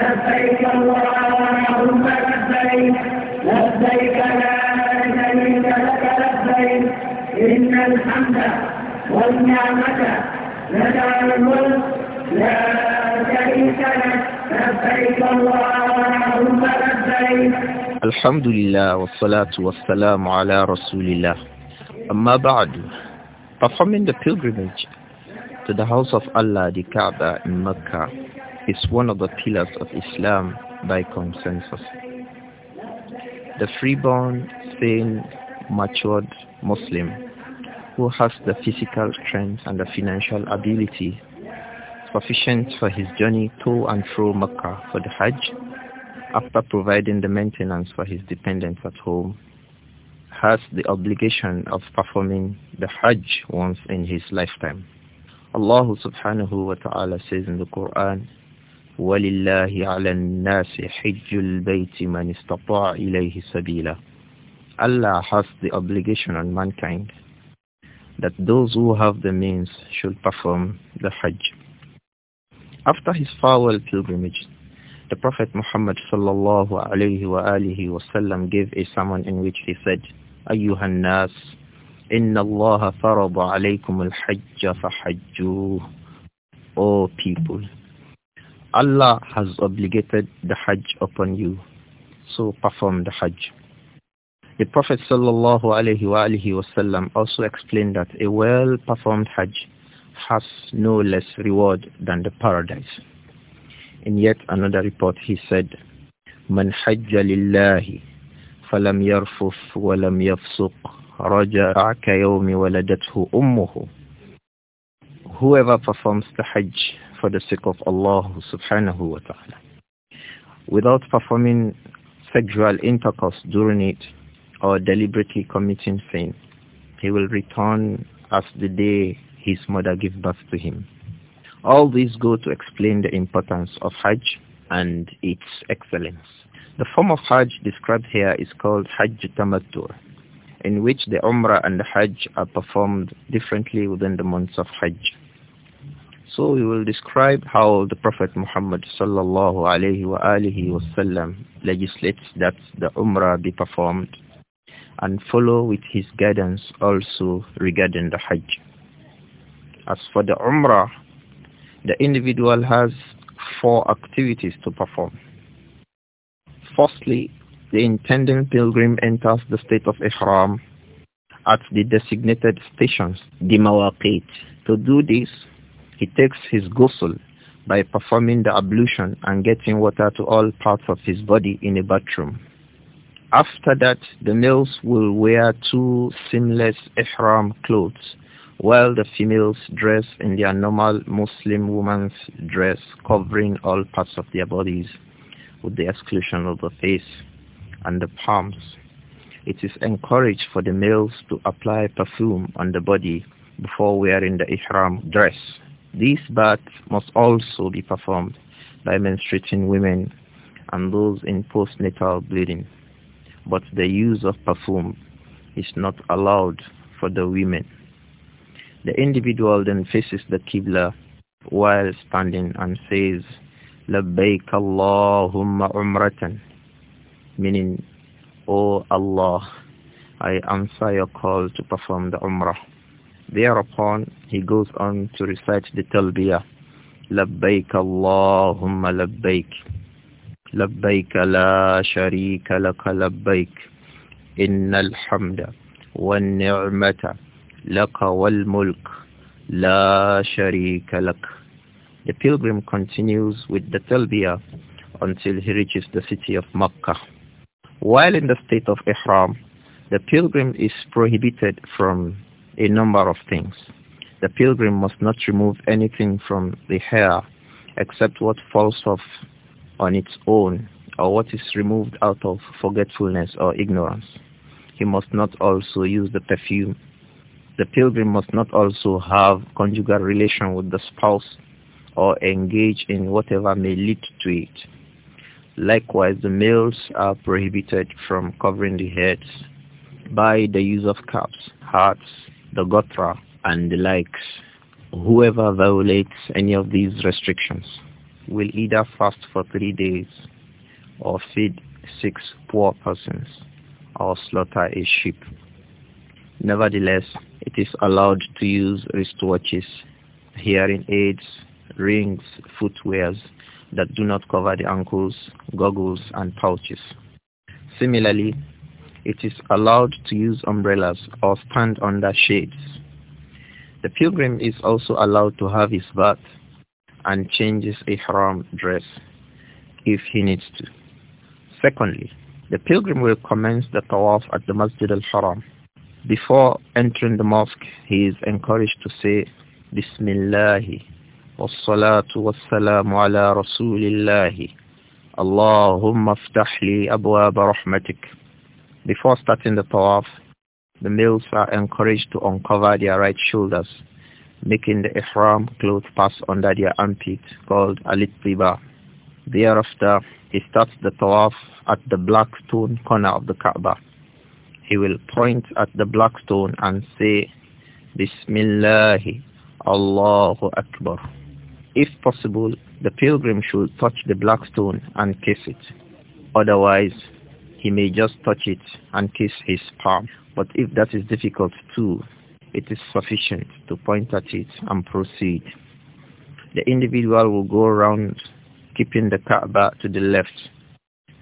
لبيك اللهم لبيك لبيك لا شريك لك لبيك إن الحمد والنعمة لك الملك لا شريك لك لبيك اللهم لبيك الحمد لله والصلاة والسلام على رسول الله أما بعد performing the pilgrimage to the house of Allah the Kaaba in Mecca is one of the pillars of Islam by consensus. The freeborn, sane, matured Muslim who has the physical strength and the financial ability sufficient for his journey to and fro Mecca for the Hajj after providing the maintenance for his dependents at home has the obligation of performing the Hajj once in his lifetime. Allah subhanahu wa ta'ala says in the Quran, ولله على الناس حج البيت من استطاع إليه سبيلا Allah has the obligation on mankind that those who have the means should perform the Hajj. After his farewell pilgrimage, the Prophet Muhammad sallallahu alayhi wa alihi wasallam gave a sermon in which he said, أيها الناس إن الله فرض عليكم الحج فحجوه O people, Allah has obligated the Hajj upon you, so perform the Hajj. The Prophet sallallahu alaihi wasallam also explained that a well-performed Hajj has no less reward than the paradise. In yet another report he said, من حج لله فلم يرفف ولم يفسق رجع يوم ولدته أمه Whoever performs the Hajj for the sake of Allah subhanahu wa ta'ala. Without performing sexual intercourse during it or deliberately committing sin, he will return as the day his mother gave birth to him. All these go to explain the importance of Hajj and its excellence. The form of Hajj described here is called Hajj Tamattu, in which the Umrah and the Hajj are performed differently within the months of Hajj. So we will describe how the Prophet Muhammad sallallahu alayhi wa alihi wasallam legislates that the Umrah be performed and follow with his guidance also regarding the Hajj. As for the Umrah, the individual has four activities to perform. Firstly, the intending pilgrim enters the state of Ihram at the designated stations, the Mawaqit. To do this, he takes his ghusl by performing the ablution and getting water to all parts of his body in a bathroom. After that, the males will wear two seamless ihram clothes, while the females dress in their normal Muslim woman's dress covering all parts of their bodies with the exclusion of the face and the palms. It is encouraged for the males to apply perfume on the body before wearing the ihram dress. This bath must also be performed by menstruating women and those in postnatal bleeding. But the use of perfume is not allowed for the women. The individual then faces the Qibla while standing and says, لبيك اللهم عمرة meaning, O oh Allah, I answer your call to perform the Umrah. Thereupon, he goes on to recite the talbiyah. لبيك اللهم لبيك لبيك لا شريك لك لبيك إن الحمد والنعمة لك والملك لا شريك لك The pilgrim continues with the talbiyah until he reaches the city of Makkah. While in the state of Ihram, the pilgrim is prohibited from a number of things. The pilgrim must not remove anything from the hair except what falls off on its own or what is removed out of forgetfulness or ignorance. He must not also use the perfume. The pilgrim must not also have conjugal relation with the spouse or engage in whatever may lead to it. Likewise, the males are prohibited from covering the heads by the use of caps, hats, the Gotra, and the likes, whoever violates any of these restrictions will either fast for three days or feed six poor persons or slaughter a sheep. Nevertheless, it is allowed to use wristwatches, hearing aids, rings, footwears that do not cover the ankles, goggles, and pouches. Similarly, it is allowed to use umbrellas or stand under shades. The pilgrim is also allowed to have his bath and changes his ihram dress if he needs to. Secondly, the pilgrim will commence the tawaf at the Masjid al-Haram. Before entering the mosque, he is encouraged to say, Bismillahi, wassalatu wassalamu ala rasulillahi, Allahumma aftah abwaab rahmatik. Before starting the tawaf, the males are encouraged to uncover their right shoulders, making the ihram cloth pass under their armpit, called alit Thereafter, he starts the tawaf at the black stone corner of the Kaaba. He will point at the black stone and say, Bismillah, Allahu Akbar. If possible, the pilgrim should touch the black stone and kiss it. Otherwise, he may just touch it and kiss his palm. But if that is difficult too, it is sufficient to point at it and proceed. The individual will go around keeping the Kaaba to the left.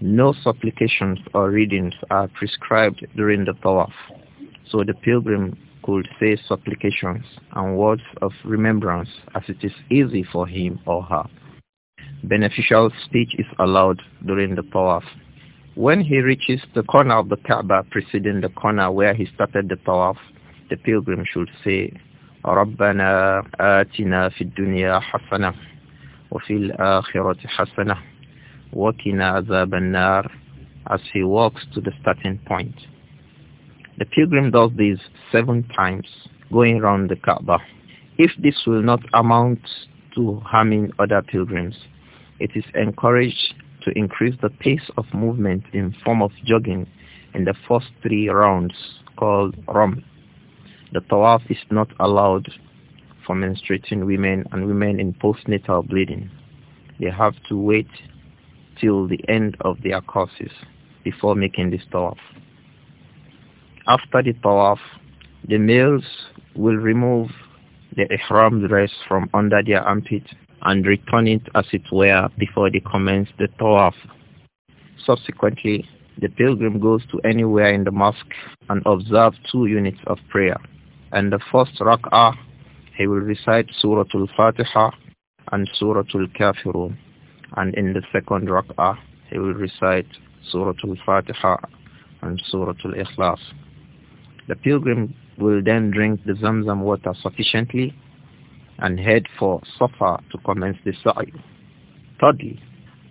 No supplications or readings are prescribed during the tawaf. So the pilgrim could say supplications and words of remembrance as it is easy for him or her. Beneficial speech is allowed during the tawaf when he reaches the corner of the Kaaba preceding the corner where he started the tawaf, the pilgrim should say, ربنا آتنا في الدنيا حسنة وفي الآخرة حسنة وقنا عذاب nar as he walks to the starting point. The pilgrim does this seven times, going round the Kaaba. If this will not amount to harming other pilgrims, it is encouraged to increase the pace of movement in form of jogging in the first three rounds called rom. The tawaf is not allowed for menstruating women and women in postnatal bleeding. They have to wait till the end of their courses before making this tawaf. After the tawaf, the males will remove the ihram dress from under their armpit and return it as it were before they commence the tawaf. Subsequently, the pilgrim goes to anywhere in the mosque and observes two units of prayer. In the first rak'ah, he will recite Surah Al-Fatiha and Surah Al-Kafirun. And in the second rak'ah, he will recite Surah Al-Fatiha and Surah Al-Ikhlas. The pilgrim will then drink the Zamzam water sufficiently and head for Safa to commence the sa'i. Thirdly,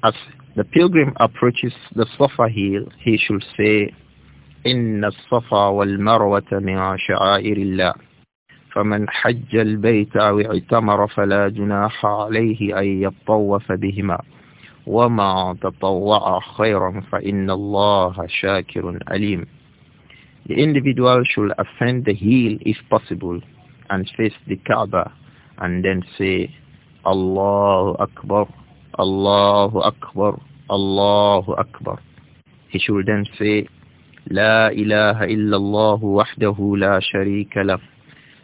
as the pilgrim approaches the Safa hill, he should say, إن الصفا والمروة من شعائر الله فمن حج البيت أو اعتمر فلا جناح عليه أن يطوف بهما وما تطوع خيرا فإن الله شاكر أليم The individual should ascend the hill if possible and face the Kaaba and then say Allahu Akbar, Allahu Akbar, Allahu Akbar. He should then say لا إله إلا الله وحده لا شريك له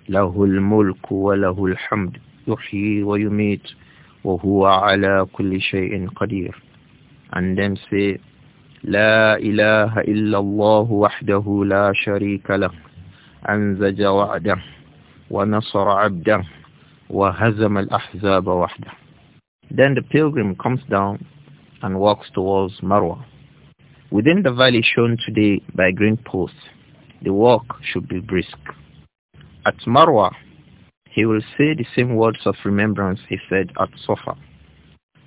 له الملك وله الحمد يحيي ويميت وهو على كل شيء قدير and then say لا إله إلا الله وحده لا شريك له أنزج وعده ونصر عبده وَهَزَمَ الْأَحْزَابَ وَحْدَهُ Then the pilgrim comes down and walks towards Marwa. Within the valley shown today by green posts, the walk should be brisk. At Marwa, he will say the same words of remembrance he said at Safa.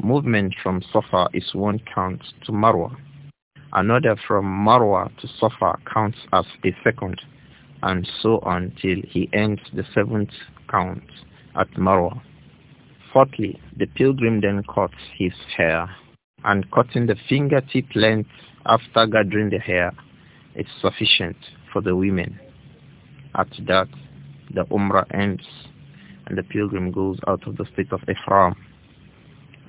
Movement from Safa is one count to Marwa. Another from Marwa to Safa counts as a second, and so on till he ends the seventh count at Marwa. Fourthly, the pilgrim then cuts his hair, and cutting the fingertip length after gathering the hair is sufficient for the women. At that, the Umrah ends, and the pilgrim goes out of the state of Ihram,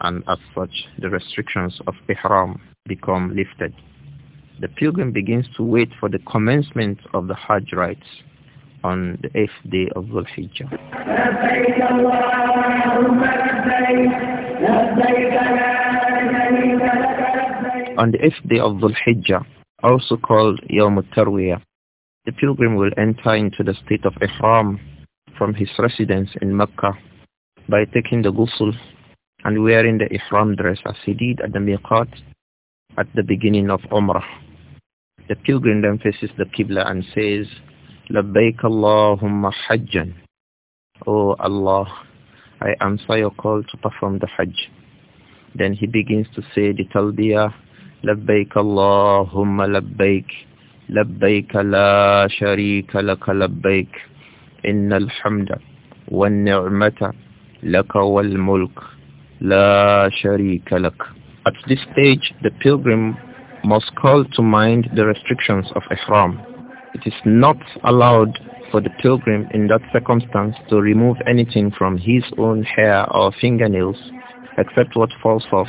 and as such, the restrictions of Ihram become lifted. The pilgrim begins to wait for the commencement of the Hajj rites on the eighth day of Dhul Hijjah. On the eighth day of Dhul Hijjah, also called Yawm al-Tarwiyah, the pilgrim will enter into the state of Ihram from his residence in Mecca by taking the ghusl and wearing the Ihram dress as he did at the Miqat at the beginning of Umrah. The pilgrim then faces the Qibla and says, labbaik allahumma hajjan oh allah i answer your call to perform the hajj then he begins to say the talbiya labbaik allahumma labbaik labbaik la sharika laka labbaik innal hamda wan ni'mata laka wal mulk la sharika lak at this stage the pilgrim must call to mind the restrictions of ihram it is not allowed for the pilgrim in that circumstance to remove anything from his own hair or fingernails except what falls off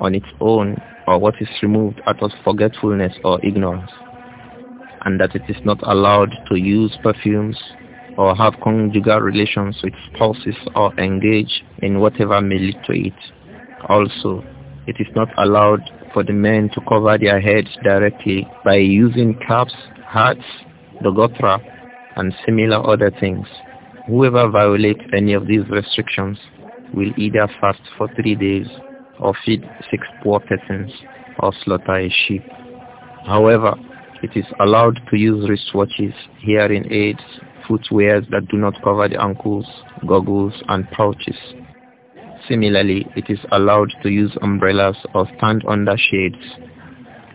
on its own or what is removed out of forgetfulness or ignorance, and that it is not allowed to use perfumes or have conjugal relations with spouses or engage in whatever may lead to it. Also, it is not allowed for the men to cover their heads directly by using caps hats, the gotra, and similar other things. Whoever violates any of these restrictions will either fast for three days or feed six poor persons or slaughter a sheep. However, it is allowed to use wristwatches, hearing aids, footwears that do not cover the ankles, goggles, and pouches. Similarly, it is allowed to use umbrellas or stand under shades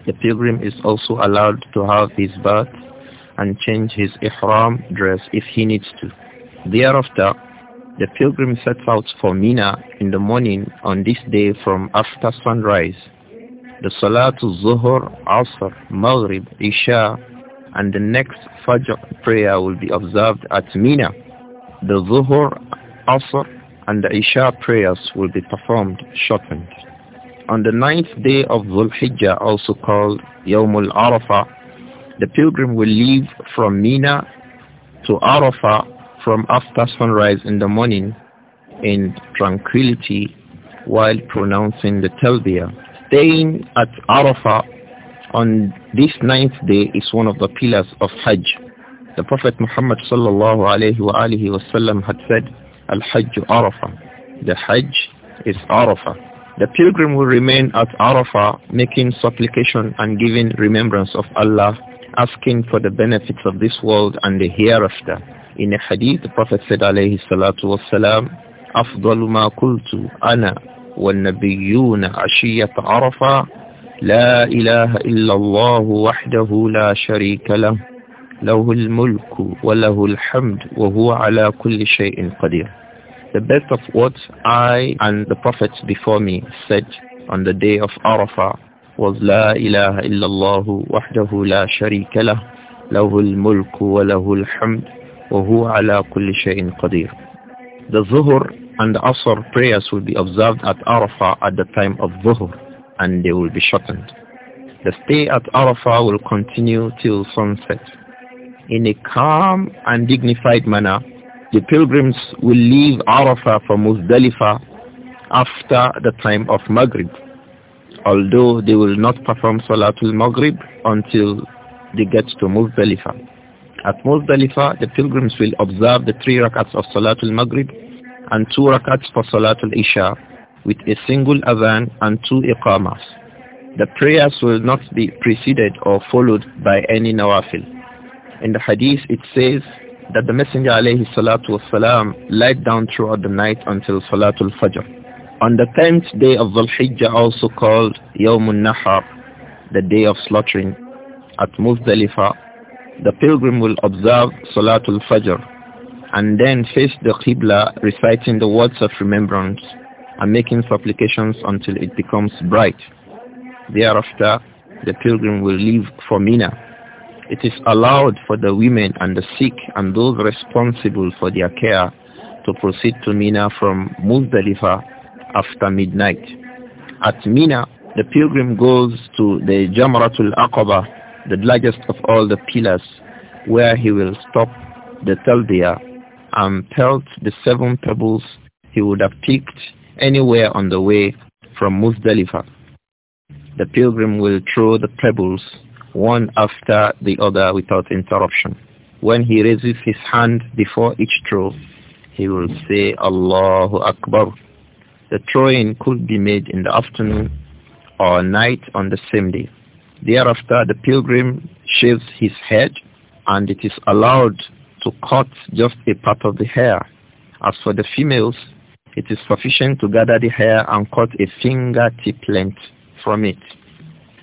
the pilgrim is also allowed to have his bath and change his ihram dress if he needs to. Thereafter, the pilgrim sets out for Mina in the morning on this day from after sunrise. The Salatul Zuhur, Asr, Maghrib, Isha and the next Fajr prayer will be observed at Mina. The Zuhur, Asr and the Isha prayers will be performed shortened on the ninth day of Dhul Hijjah, also called Yawmul Arafah, the pilgrim will leave from Mina to Arafah from after sunrise in the morning in tranquility while pronouncing the Talbiyah. Staying at Arafah on this ninth day is one of the pillars of Hajj. The Prophet Muhammad sallallahu alayhi wa alihi wasallam had said, Al-Hajj Arafah. The Hajj is Arafah. The pilgrim will remain at Arafah making supplication and giving remembrance of Allah, asking for the benefits of this world and the hereafter. In a hadith, the Prophet said alayhi salatu wassalam, أفضل ما قلت أنا والنبيون عشية عرفة لا إله إلا الله وحده لا شريك له له الملك وله الحمد وهو على كل شيء قدير the best of what I and the prophets before me said on the day of Arafah was ilaha illallah, إلا الله وحده لا شريك له له الملك وله الحمد وهو على kulli shayin qadir. The Zuhur and the Asr prayers will be observed at Arafah at the time of Zuhur and they will be shortened. The stay at Arafah will continue till sunset. In a calm and dignified manner, the pilgrims will leave Arafah for Muzdalifah after the time of Maghrib, although they will not perform Salatul Maghrib until they get to Muzdalifah. At Muzdalifah, the pilgrims will observe the three rakats of Salatul Maghrib and two rakats for Salatul Isha with a single adhan and two iqamas. The prayers will not be preceded or followed by any nawafil. In the hadith it says, that the Messenger alayhi salatu wasalam lied down throughout the night until Salatul Fajr. On the tenth day of Dhul Hijjah, also called Yawmun Nahar, the day of slaughtering, at Muzdalifah, the pilgrim will observe Salatul Fajr and then face the Qibla reciting the words of remembrance and making supplications until it becomes bright. Thereafter, the pilgrim will leave for Mina it is allowed for the women and the sick and those responsible for their care to proceed to Mina from Muzdalifah after midnight. At Mina, the pilgrim goes to the Jamratul Aqaba, the largest of all the pillars, where he will stop the Talbiyah and pelt the seven pebbles he would have picked anywhere on the way from Muzdalifah. The pilgrim will throw the pebbles one after the other without interruption. When he raises his hand before each throw, he will say Allahu Akbar. The throwing could be made in the afternoon or night on the same day. Thereafter, the pilgrim shaves his head and it is allowed to cut just a part of the hair. As for the females, it is sufficient to gather the hair and cut a fingertip length from it.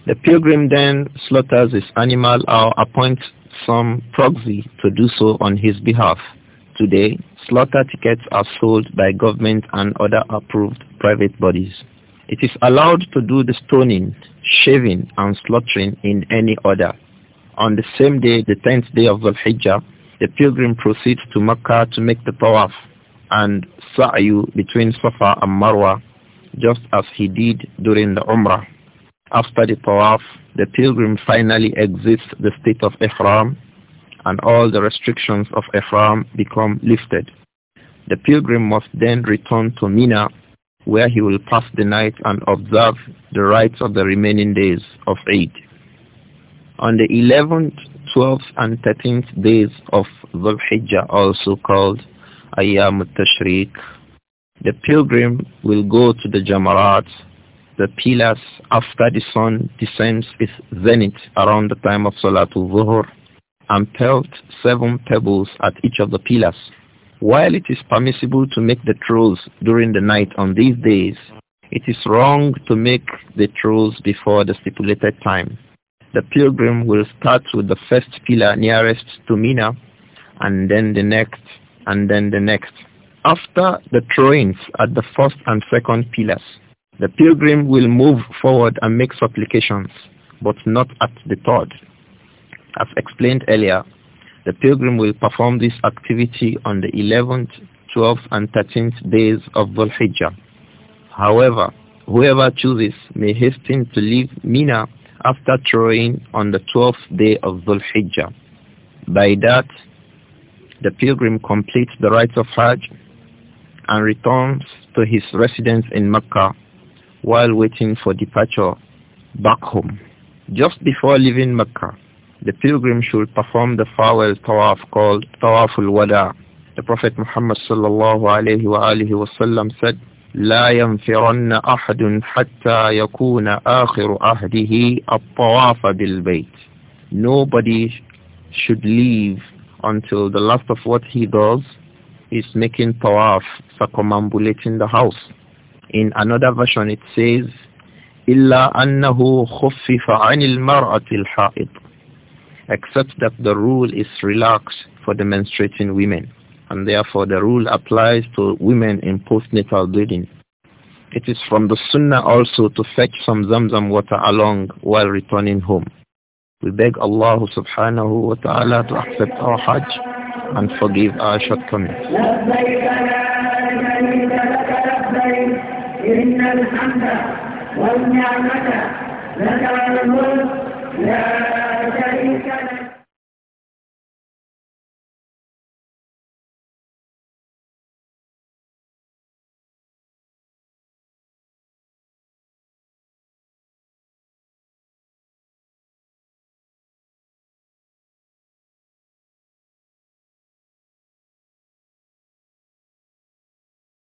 The pilgrim then slaughters his animal or appoints some proxy to do so on his behalf. Today, slaughter tickets are sold by government and other approved private bodies. It is allowed to do the stoning, shaving, and slaughtering in any order. On the same day, the 10th day of Dhul-Hijjah, the pilgrim proceeds to Mecca to make the tawaf and sa'yu between Safa and Marwa, just as he did during the Umrah. After the tawaf, the pilgrim finally exits the state of ihram and all the restrictions of ihram become lifted. The pilgrim must then return to Mina where he will pass the night and observe the rites of the remaining days of Eid. On the 11th, 12th and 13th days of Dhul Hijjah, also called Ayyam al-Tashriq, the pilgrim will go to the Jamarat the pillars after the sun descends its zenith around the time of Salatul Zuhur and pelt seven pebbles at each of the pillars. While it is permissible to make the throws during the night on these days, it is wrong to make the throws before the stipulated time. The pilgrim will start with the first pillar nearest to Mina and then the next and then the next. After the throwings at the first and second pillars, the pilgrim will move forward and make supplications, but not at the third. As explained earlier, the pilgrim will perform this activity on the 11th, 12th, and 13th days of Dhul Hijjah. However, whoever chooses may hasten to leave Mina after throwing on the 12th day of Dhul Hijjah. By that, the pilgrim completes the rites of Hajj and returns to his residence in Mecca while waiting for departure back home. Just before leaving Mecca, the pilgrim should perform the farewell tawaf called Tawaful Wada. The Prophet Muhammad sallallahu alayhi wa alihi wasallam said, لا ينفرن أحد حتى يكون آخر عهده الطواف بالبيت. Nobody should leave until the last of what he does is making tawaf, circumambulating the house. In another version it says, إِلَّا أَنَّهُ خُفِّفَ mara al الْحَائِطِ Except that the rule is relaxed for the menstruating women. And therefore the rule applies to women in postnatal bleeding. It is from the sunnah also to fetch some zamzam water along while returning home. We beg Allah subhanahu wa ta'ala to accept our hajj and forgive our shortcomings. إن الحمد والنعمة لك الملك لا شريك لك